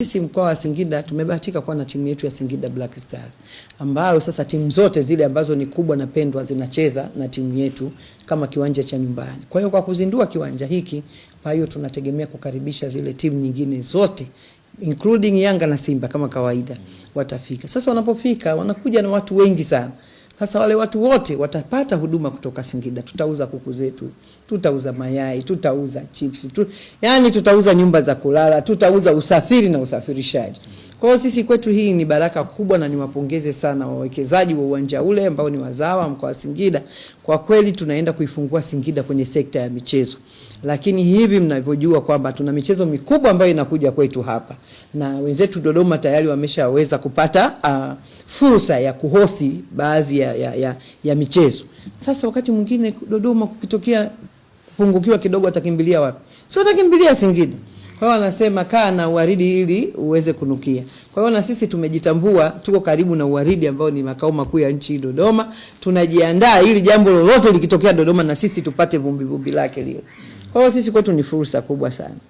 Sisi mkoa wa Singida tumebahatika kuwa na timu yetu ya Singida Black Stars ambayo sasa timu zote zile ambazo ni kubwa na pendwa zinacheza na timu yetu kama kiwanja cha nyumbani. Kwa hiyo kwa kuzindua kiwanja hiki, kwa hiyo tunategemea kukaribisha zile timu nyingine zote including Yanga na Simba kama kawaida watafika. Sasa wanapofika wanakuja na watu wengi sana. Sasa wale watu wote watapata huduma kutoka Singida. Tutauza kuku zetu, tutauza mayai, tutauza chips tu, yani tutauza nyumba za kulala, tutauza usafiri na usafirishaji. Kwa hiyo sisi kwetu hii ni baraka kubwa, na niwapongeze sana wawekezaji wa uwanja ule ambao ni wazawa mkoa wa Singida. Kwa kweli tunaenda kuifungua Singida kwenye sekta ya michezo, lakini hivi mnavyojua kwamba tuna michezo mikubwa ambayo inakuja kwetu hapa, na wenzetu Dodoma tayari wameshaweza kupata uh, fursa ya kuhosi baadhi ya, ya, ya, ya michezo. Sasa wakati mwingine Dodoma kukitokea kupungukiwa kidogo, atakimbilia wapi? Sio atakimbilia Singida. Kwa hiyo wanasema kaa na uwaridi ili uweze kunukia. Kwa hiyo na sisi tumejitambua, tuko karibu na uwaridi ambao ni makao makuu ya nchi Dodoma. Tunajiandaa ili jambo lolote likitokea Dodoma na sisi tupate vumbi vumbi lake lile. Kwa hiyo sisi kwetu ni fursa kubwa sana.